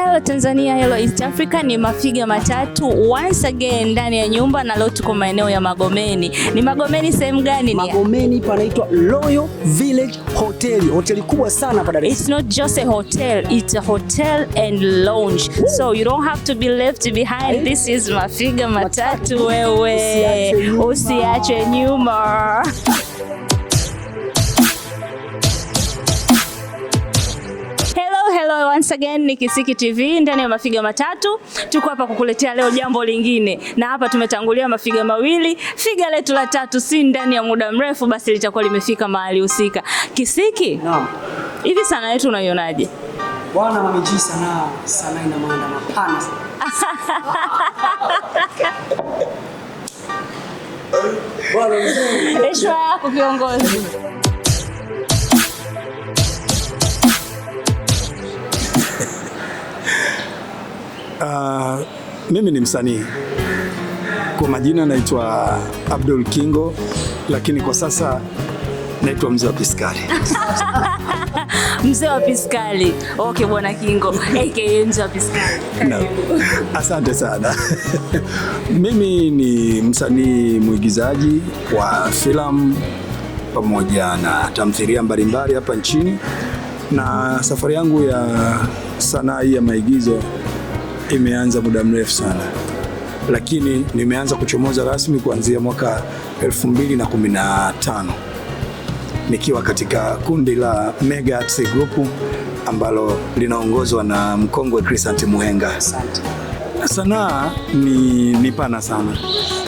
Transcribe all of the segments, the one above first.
Hello Tanzania, hello East Africa, ni mafiga matatu once again ndani ya nyumba, na leo tuko maeneo ya Magomeni. Ni Magomeni sehemu gani? Magomeni panaitwa Royal Village Hotel, hoteli kubwa sana pa Dar es Salaam. It's not just a hotel, it's a hotel and lounge. Woo. So you don't have to be left behind. Hey. This is mafiga matatu, matatu. Wewe usiache nyuma, usiachwe nyuma. once again ni Kisiki TV ndani ya mafiga matatu. Tuko hapa kukuletea leo jambo lingine, na hapa tumetangulia mafiga mawili. Figa letu la tatu, si ndani ya muda mrefu, basi litakuwa limefika mahali husika. Kisiki, naam, hivi sanaa yetu unaionaje? Bwana mamiji, sanaa sanaa ina maana mapana heshima yako kiongozi. Uh, mimi ni msanii kwa majina naitwa Abdul Kingo, lakini kwa sasa naitwa mzee wa Piskali. Mzee wa Piskali. Okay, bwana Kingo aka mzee wa Piskali. No. Asante sana. Mimi ni msanii mwigizaji wa filamu pamoja na tamthilia mbalimbali hapa nchini, na safari yangu ya sanaa hii ya maigizo imeanza muda mrefu sana, lakini nimeanza kuchomoza rasmi kuanzia mwaka 2015 nikiwa katika kundi la Mega Arts Group ambalo linaongozwa na mkongwe Crisant Muhenga. Sanaa ni, ni pana sana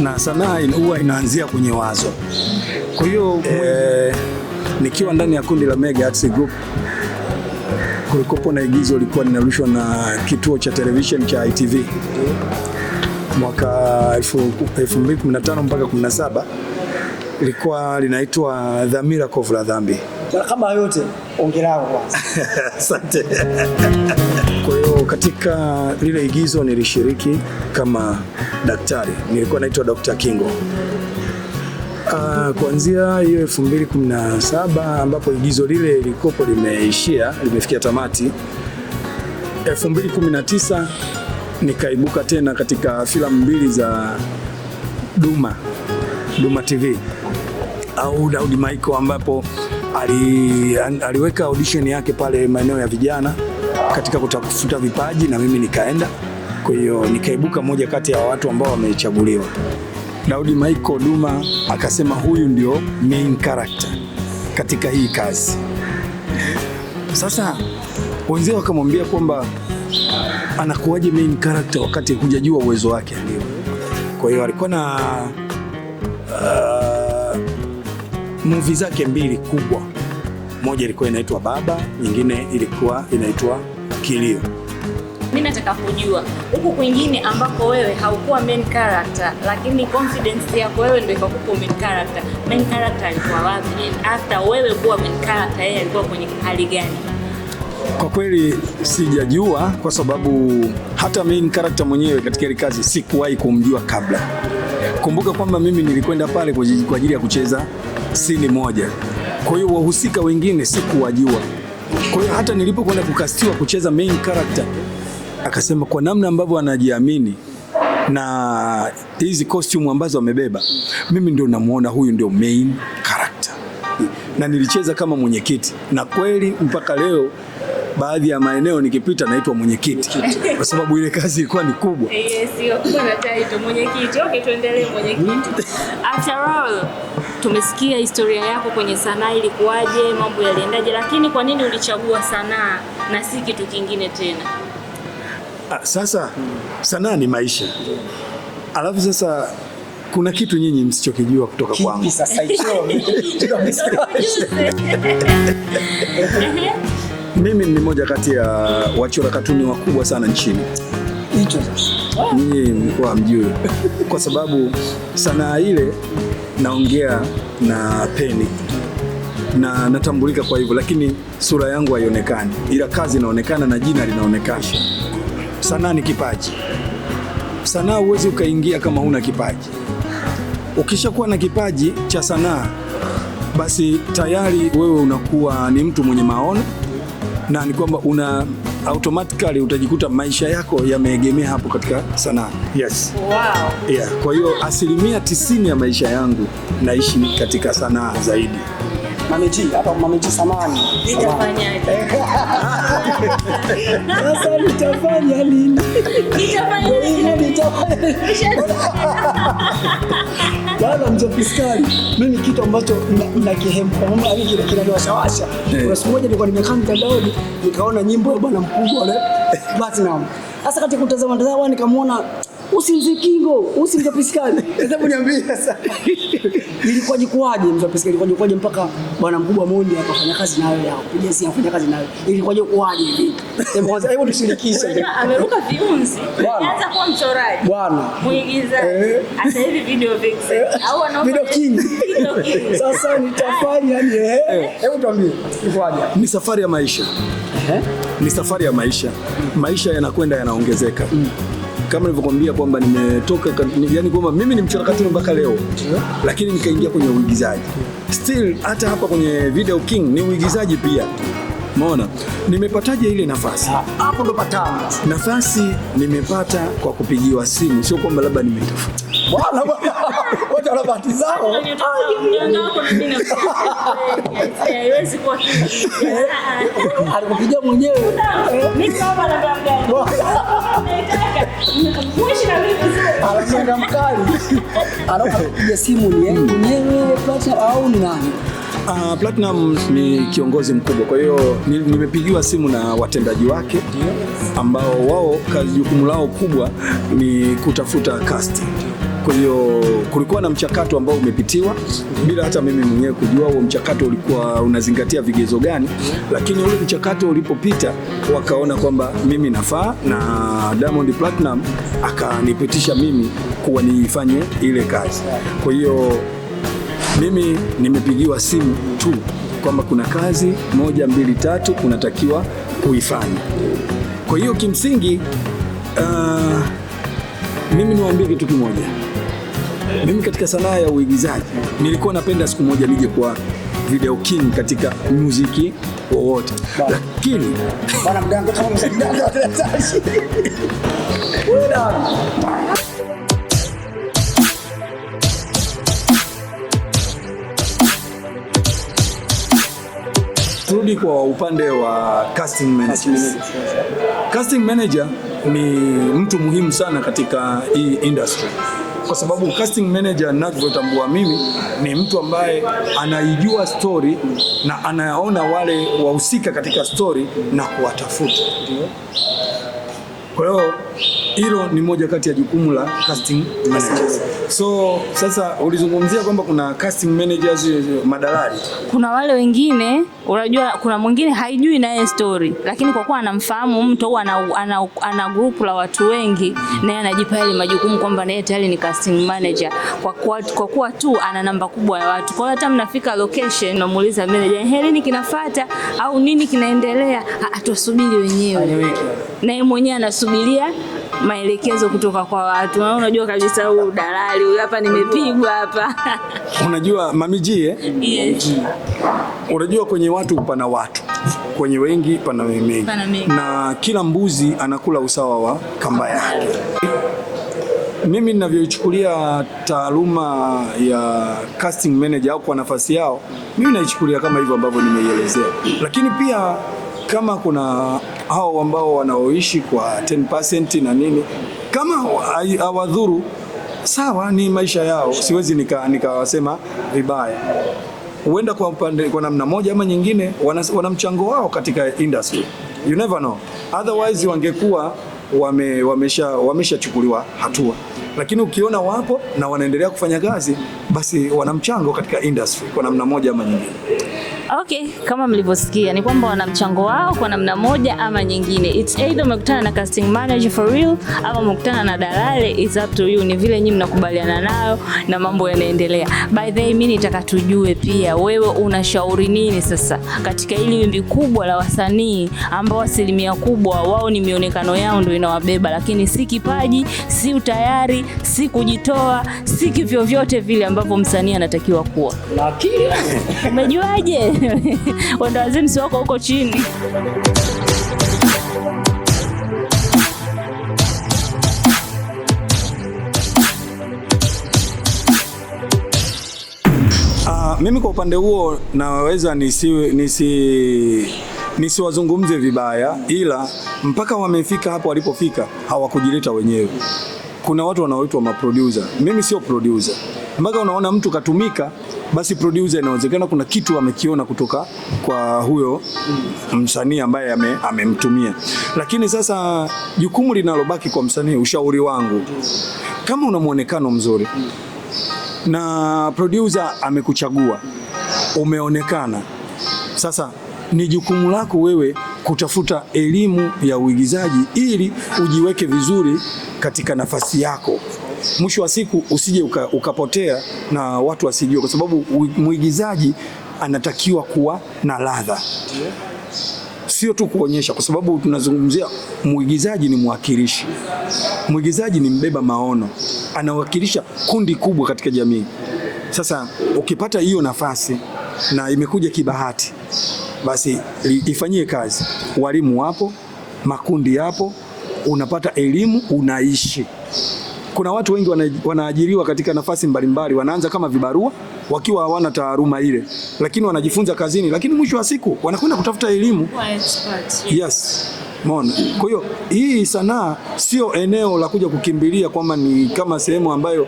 na sanaa huwa inaanzia kwenye wazo. Kwa hiyo eh, nikiwa ndani ya kundi la Mega Arts Group kulikopo na igizo ilikuwa linarushwa na kituo cha television cha ITV mwaka 2015 mpaka 17 ilikuwa linaitwa Dhamira Kovu la Dhambi. Kama yote ongelau kwa. Asante. Kwa hiyo katika lile igizo nilishiriki kama daktari, nilikuwa naitwa Dr. Kingo. Uh, kuanzia hiyo elfu mbili kumi na saba ambapo igizo lile likopo limeishia limefikia tamati, elfu mbili kumi na tisa nikaibuka tena katika filamu mbili za Duma Duma TV au Daudi Michael ambapo ali, aliweka audition yake pale maeneo ya vijana katika kutafuta vipaji na mimi nikaenda. Kwa hiyo nikaibuka moja kati ya watu ambao wamechaguliwa. Daudi Michael Duma akasema huyu ndio main character katika hii kazi. Sasa wenzao wakamwambia kwamba anakuwaje main character wakati hujajua uwezo wake? Ndio, kwa hiyo alikuwa na uh, movie zake mbili kubwa, moja ilikuwa inaitwa Baba, nyingine ilikuwa inaitwa Kilio mimi nataka kujua huku kwingine ambako wewe haukuwa main character, lakini confidence yako wewe ndio ikakupa main character. Main character alikuwa wapi? After wewe kuwa main character, yeye alikuwa kwenye hali gani? Kwa kweli sijajua, kwa sababu hata main character mwenyewe katika ile kazi sikuwahi kumjua kabla. Kumbuka kwamba mimi nilikwenda pale kwa ajili ya kucheza sini moja, kwa hiyo wahusika wengine sikuwajua. Kwa hiyo hata nilipokwenda kukastiwa kucheza main character akasema kwa namna ambavyo anajiamini na hizi costume ambazo amebeba, mimi ndio namuona huyu ndio main character, na nilicheza kama mwenyekiti, na kweli mpaka leo baadhi ya maeneo nikipita naitwa mwenyekiti kwa sababu ile kazi ilikuwa ni kubwa. Yes, kubwa na title mwenyekiti. Okay, tuendelee mwenyekiti. Hmm. After all, tumesikia historia yako kwenye sanaa ilikuwaje, mambo yaliendaje, lakini kwa nini ulichagua sanaa na si kitu kingine tena? Ah, sasa sanaa ni maisha, alafu sasa kuna kitu nyinyi msichokijua kutoka kwangu. Mimi ni mmoja kati ya wachora katuni wakubwa sana nchini. Nyinyi mlikuwa mjui kwa sababu sanaa ile naongea na peni na natambulika kwa hivyo, lakini sura yangu haionekani, ila kazi inaonekana na jina linaonekana sanaa ni kipaji. Sanaa huwezi ukaingia kama huna kipaji. Ukishakuwa na kipaji cha sanaa, basi tayari wewe unakuwa ni mtu mwenye maono, na ni kwamba una automatically utajikuta maisha yako yameegemea hapo katika sanaa. Yes. Wow. Yeah. Kwa hiyo asilimia tisini ya maisha yangu naishi katika sanaa zaidi. Mameji, hapa mameji samani. Nitafanyaje? Eh. Sasa nitafanya nini? Nitafanya nini? Nitafanya. Bwana mzee mimi kitu ambacho nakihemka, mama hadi kile kinaniwashawasha. Eh. Kuna siku moja nilikuwa nimekaa mtandaoni nikaona nyimbo ya bwana mkubwa wale Platinum. Sasa katika kutazama tazama nikamwona usimze kingo, usimze fiskali. Hebu niambie sasa. ilikuwa jikwaje mzee pesa, ilikuwa jikwaje mpaka bwana mkubwa Mondi akafanya kazi nayo ya kupiga si afanya kazi nayo, ilikuwa jikwaje hivi? Hebu kwanza, hebu tushirikishe. Ameruka viunzi, anaanza kuwa mchoraji bwana, muigiza eh? hata hivi video vixen eh? au anaomba video king. Sasa nitafanya eh? eh, Hebu tuambie ikwaje? Ni safari ya maisha, ni safari ya maisha, maisha yanakwenda yanaongezeka mm kama nilivyokuambia kwamba nimetoka yani kwamba mimi ni mchorakatuni mpaka leo yeah. Lakini nikaingia kwenye uigizaji still, hata hapa kwenye Video King ni uigizaji pia. Maona nimepataje ile nafasi hapo? Ndo patana nafasi nimepata kwa kupigiwa simu, sio kwamba labda nimetafuta bwana eh, Alikupigia mwenyewe anasonga mkali, anapiga simu ni yeye mwenyewe Platinum au ni nani? Uh, Platinum ni kiongozi mkubwa, kwa hiyo nimepigiwa simu na watendaji wake ambao wao kazi jukumu lao kubwa ni kutafuta cast. Kwa hiyo kulikuwa na mchakato ambao umepitiwa bila hata mimi mwenyewe kujua huo mchakato ulikuwa unazingatia vigezo gani, lakini ule mchakato ulipopita wakaona kwamba mimi nafaa, na Diamond Platinum akanipitisha mimi kuwa niifanye ile kazi. Kwa hiyo mimi nimepigiwa simu tu kwamba kuna kazi moja mbili tatu unatakiwa kuifanya. Kwa hiyo kimsingi, uh, mimi niwaambie kitu kimoja. Mimi katika sanaa ya uigizaji nilikuwa napenda siku moja nije kwa video king katika muziki wowote, lakini turudi kwa upande wa casting managers. Casting manager ni mtu muhimu sana katika hii industry kwa sababu casting manager ninavyotambua mimi ni mtu ambaye anaijua story na anayaona wale wahusika katika story na kuwatafuta. Kwa hiyo hilo ni moja kati ya jukumu la casting managers. So sasa ulizungumzia kwamba kuna casting managers madalali, kuna wale wengine, unajua kuna mwingine haijui naye story, lakini kwa kuwa anamfahamu mtu au ana, ana, ana group la watu wengi, naye anajipa ile majukumu kwamba naye tayari ni casting manager, kwa kuwa, kwa kuwa tu ana namba kubwa ya watu. Kwa hiyo hata mnafika location na muuliza manager, helini eh, kinafuata au nini kinaendelea, atusubiri wenyewe, naye mwenyewe anasubiria maelekezo kutoka kwa watu. Unajua kabisa huu dalali huyu hapa nimepigwa hapa. Unajua mamiji eh? yes. Unajua kwenye watu pana watu, kwenye wengi pana mengi, na kila mbuzi anakula usawa wa kamba yake. Mimi ninavyoichukulia taaluma ya casting manager au kwa nafasi yao, mimi naichukulia kama hivyo ambavyo nimeielezea, lakini pia kama kuna hao ambao wanaoishi kwa 10% na nini, kama hawadhuru sawa, ni maisha yao, siwezi nikawasema nika vibaya. Huenda kwa upande, kwa namna moja ama nyingine, wana, wana mchango wao katika industry, you never know, otherwise wangekuwa wame, wamesha wameshachukuliwa hatua, lakini ukiona wapo na wanaendelea kufanya kazi, basi wana mchango katika industry kwa namna moja ama nyingine. Okay, kama mlivyosikia ni kwamba wana mchango wao kwa namna moja ama nyingine. It's either umekutana na casting manager for real ama umekutana na dalali, it's up to you. Ni vile nyinyi mnakubaliana nayo na mambo yanaendelea. By the way, mimi nitaka tujue pia wewe unashauri nini sasa katika hili wimbi kubwa la wasanii ambao asilimia kubwa wao ni mionekano yao ndio inawabeba, lakini si kipaji, si utayari, si kujitoa, si kivyovyote vile ambavyo msanii anatakiwa kuwa. Lakini Umejuaje? wendawazimu si wako huko chini. Uh, mimi kwa upande huo naweza nisi, nisi nisiwazungumze vibaya, ila mpaka wamefika hapo walipofika hawakujileta wenyewe. Kuna watu wanaoitwa maproducer. Mimi sio producer, mpaka unaona mtu katumika basi producer inawezekana kuna kitu amekiona kutoka kwa huyo msanii ambaye amemtumia ame. Lakini sasa jukumu linalobaki kwa msanii, ushauri wangu, kama una mwonekano mzuri na producer amekuchagua, umeonekana, sasa ni jukumu lako wewe kutafuta elimu ya uigizaji ili ujiweke vizuri katika nafasi yako mwisho wa siku usije uka, ukapotea na watu wasijue, kwa sababu mwigizaji anatakiwa kuwa na ladha, sio tu kuonyesha, kwa sababu tunazungumzia mwigizaji ni mwakilishi, mwigizaji ni mbeba maono, anawakilisha kundi kubwa katika jamii. Sasa ukipata hiyo nafasi na imekuja kibahati, basi ifanyie kazi. Walimu wapo, makundi yapo, unapata elimu, unaishi kuna watu wengi wana, wanaajiriwa katika nafasi mbalimbali, wanaanza kama vibarua wakiwa hawana taaluma ile, lakini wanajifunza kazini, lakini mwisho wa siku wanakwenda kutafuta elimu. Yes. Mona. Kwa hiyo hii sanaa sio eneo la kuja kukimbilia kwamba ni kama sehemu ambayo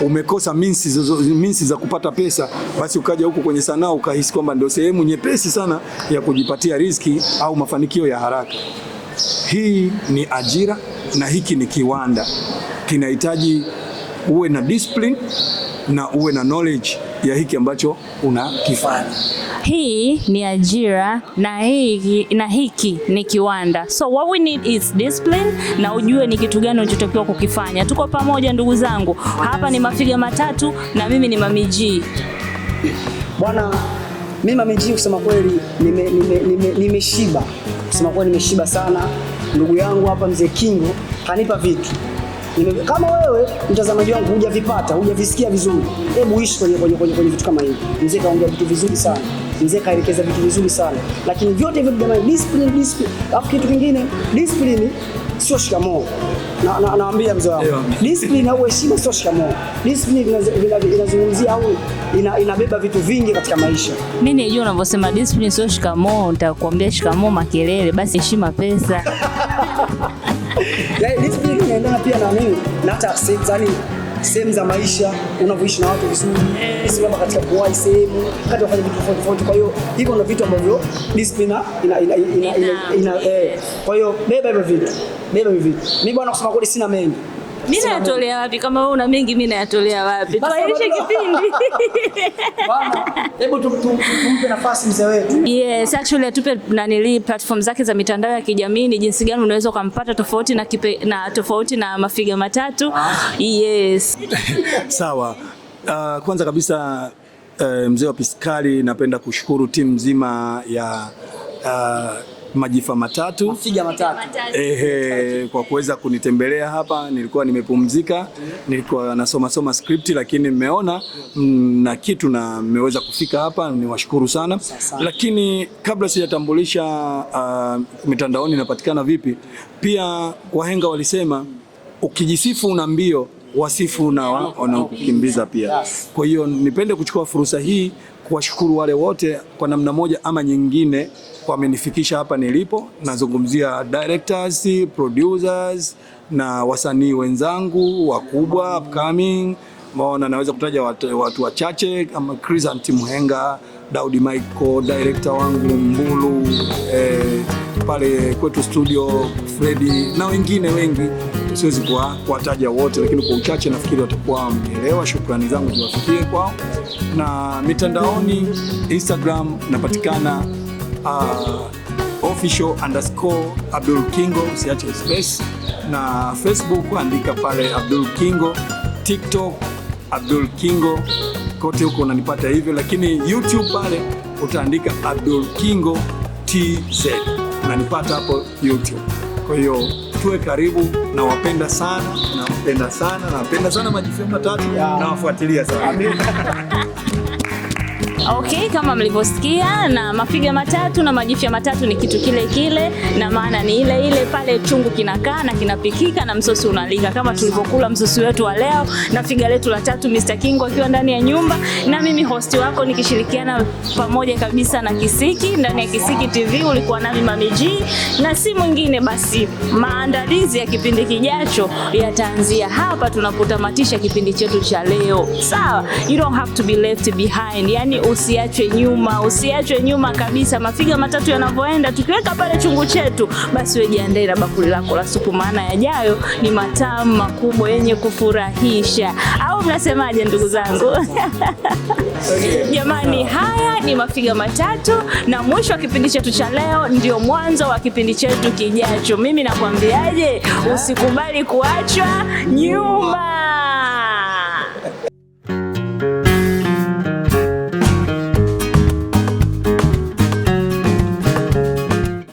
umekosa minsi, minsi za kupata pesa, basi ukaja huku kwenye sanaa ukahisi kwamba ndio sehemu nyepesi sana ya kujipatia riziki au mafanikio ya haraka. Hii ni ajira na hiki ni kiwanda kinahitaji uwe na discipline na uwe na knowledge ya hiki ambacho unakifanya. Hii ni ajira na hiki, na hiki ni kiwanda. So what we need is discipline na ujue ni kitu gani unachotakiwa kukifanya. Tuko pamoja ndugu zangu, hapa ni Mafiga Matatu na mimi ni Mamiji bwana. Mimi Mamiji, kusema kweli nimeshiba, nime, nime, nime kusema kweli nimeshiba sana. Ndugu yangu hapa mzee Kingo kanipa vitu kama wewe mtazamaji wangu hujavipata, hujavisikia vizuri, hebu ishi kwenye kwenye kwenye kwenye vitu kama hivi. Mzee kaongea vitu vizuri sana, mzee kaelekeza vitu vizuri sana, lakini vyote hivyo jamani, discipline discipline. Alafu kitu kingine, discipline sio shikamoo. Na, na, naambia mzee wangu discipline au heshima sio shikamoo. Discipline inazungumzia au ina, inabeba vitu vingi katika maisha. Mimi najua unavyosema discipline sio shikamoo, nitakwambia shikamoo makelele, basi heshima pesa yaani pia nani na hata yani sehemu za maisha unavyoishi na watu vizuri, sisi labda katika kuwai sehemu kati wafanya vitu tofauti tofauti. Kwa hiyo hivyo ndio vitu ambavyo discipline ina ina ina ina, ina eh. Kwa hiyo beba hivyo vitu, beba hivyo vitu. Mimi bwana, kusema kweli sina mengi mimi nayatolea wapi? Kama wewe una mengi, mimi nayatolea wapi? Tuahirishe kipindi. Hebu tumpe nafasi mzee wetu. Yes, actually atupe li platform zake za mitandao ya kijamii, ni jinsi gani unaweza ukampata tofauti na kipe, na tofauti na mafiga matatu. Ah. Yes. Sawa. Uh, kwanza kabisa uh, mzee wa Piskali, napenda kushukuru timu nzima ya uh, majifa matatu, mafiga matatu. Ehe, kwa kuweza kunitembelea hapa. Nilikuwa nimepumzika, nilikuwa nasoma soma script, lakini mmeona mm, na kitu na mmeweza kufika hapa, niwashukuru sana. Lakini kabla sijatambulisha uh, mitandaoni inapatikana vipi, pia wahenga walisema ukijisifu una mbio wasifu na wanaokukimbiza pia. Kwa hiyo nipende kuchukua fursa hii kuwashukuru wale wote kwa namna moja ama nyingine wamenifikisha hapa nilipo. Nazungumzia directors, producers na wasanii wenzangu wakubwa upcoming. Maona naweza kutaja watu, wachache kama Chris Muhenga, Daudi Michael, director wangu Mbulu, eh, pale kwetu studio Freddy na wengine wengi siwezi kuwataja wote, lakini kwa uchache nafikiri watakuwa wameelewa. Shukrani zangu ziwafikie kwao. Na mitandaoni Instagram napatikana uh, official underscore Abdul Kingo, usiache space, na Facebook andika pale Abdul Kingo, TikTok Abdul Kingo, kote huko unanipata hivyo, lakini YouTube pale utaandika Abdul Kingo TZ unanipata hapo YouTube. Kwa hiyo tuwe karibu, nawapenda sana, nawapenda sana, nawapenda sana Majisemba Tatu, nawafuatilia sana Okay, kama mlivyosikia, na mafiga matatu na majifya matatu ni kitu kile kile, na maana ni ile ile pale. Chungu kinakaa na kinapikika na msosi unalika, kama tulivyokula msosi wetu wa leo na figa letu la tatu, Mr. King akiwa ndani ya nyumba, na mimi host wako nikishirikiana pamoja kabisa na Kisiki ndani ya Kisiki TV. Ulikuwa nami Mami G, na si mwingine basi, maandalizi ya kipindi kijacho yataanzia hapa tunapotamatisha kipindi chetu cha leo. Sawa, you don't have to be left behind, yani usiachwe nyuma, usiachwe nyuma kabisa. Mafiga matatu yanavyoenda, tukiweka pale chungu chetu, basi wewe jiandae na bakuli lako la supu, maana yajayo ni matamu makubwa yenye kufurahisha, au mnasemaje ndugu zangu? Jamani, haya ni mafiga matatu, na mwisho wa kipindi chetu cha leo ndio mwanzo wa kipindi chetu kijacho. Mimi nakwambiaje, usikubali kuachwa nyuma.